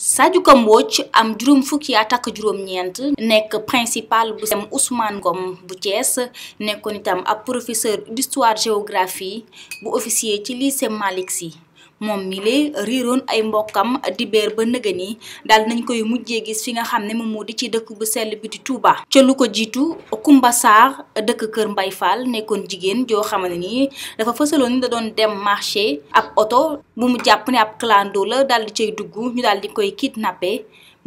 Sadio Ka Mbodj am juróom fukki at ak juróom-ñeent nekk principal bu sem Ousmane Ngom bu Thiès nekkoon itam ab professeur d'histoire géographie bu officier ci lycée Malick Sy moom mi lee riiroon ay mbokkam di beer ba nëga ni daal nañ koy mujjee gis fi nga xam ne moom moo di ci dëkk bu sell bi di Touba. ca lu ko jiitu Kumba Sarr dëkk Kër Mbay Fall nekkoon jigéen joo xamante ni dafa fësaloon ni da doon dem marché ab oto bu mu jàpp ne ab clando la daal di cay dugg ñu daal di koy nappe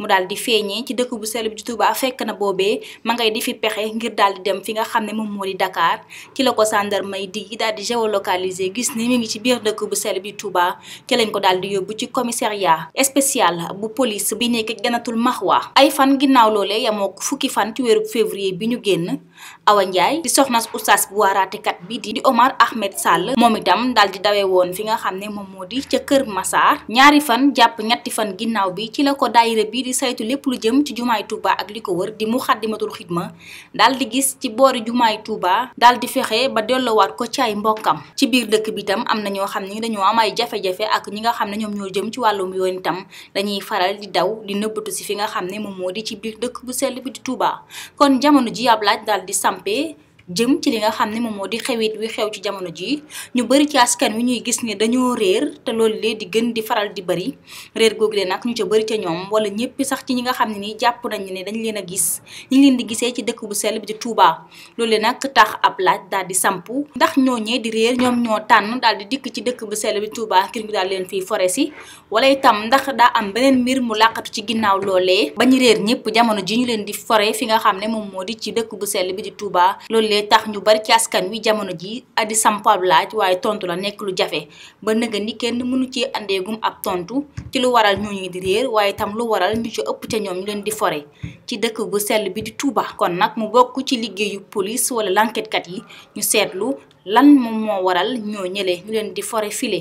mu daal di feeñee ci dëkk bu sell bi di Touba fekk na boobee ma ngay di fi pexe ngir daal di dem fi nga xam ne moom moo di Dakar ci la ko gendarmerie di daal di géolocaliser gis ni mu ngi ci biir dëkk bu sell bi Touba ci lañ ko daal di yóbbu ci commissariat spécial bu police bi nekk Jannatul Maxwa ay fan ginnaaw loolee yamoo fukki fan ci weeru février bi ñu génn Awa di soxna oustaz bu waaraate bi di Omar Ahmed Sall moom itam daal di dawee woon fi nga xam ne moom moo di ca Kër Massar ñaari fan jàpp ñetti fan ginnaaw bi ci la ko daayira bi di saytu lépp lu jëm ci jumaay Touba ak li ko wër di Muxaddamatul Xidma daal di gis ci boori jumaay Touba daal di fexe ba delloowaat ko ci ay mbokkam ci biir dëkk bi itam am na ñoo xam ni dañoo am ay jafe-jafe ak ñi nga xam ne ñoom ñoo jëm ci wàllum yoon itam dañuy faral di daw di nëbbatu si fi nga xam ne moom moo di ci biir dëkk bu sell bi di Touba kon jamono ji ab laaj daal di sampee jëm ci li nga xam ne moom moo di xewit wi xew ci jamono ji ñu bëri ci askan wi ñuy gis ne dañoo réer te loolu lee di gën di faral di bëri réer googu leen nag ñu ca bëri ca ñoom wala ñëpp sax ci ñi nga xam ne nii jàpp nañ ne dañ leen a gis ñu leen di gisee ci dëkk bu sell bi di Touba loolu nag tax ab laaj daal di sampu ndax ñooñee di réer ñoom ñoo tànn daal di dikk ci dëkk bu sell bi Touba ngir daal leen fii fore si wala itam ndax daa am beneen mbir mu làqatu ci ginnaaw loolee ba ñu réer ñëpp jamono ji ñu leen di fore fi nga xam ne moom moo di ci dëkk bu sell bi di Touba loolu loolee tax ñu bari ci askan wi jamono ji di sampab laaj waaye tontu la nekk lu jafe ba nëga ni kenn mënu ci àndeegum ab tontu ci lu waral ñooñu di réer waaye itam lu waral ñu ci ëpp ca ñoom ñu leen di fore ci dëkk bu sell bi di tuuba kon nag mu bokk ci liggéeyu police wala l'enquêtekat yi ñu seetlu lan moom moo waral ñoo ñële ñu leen di fore file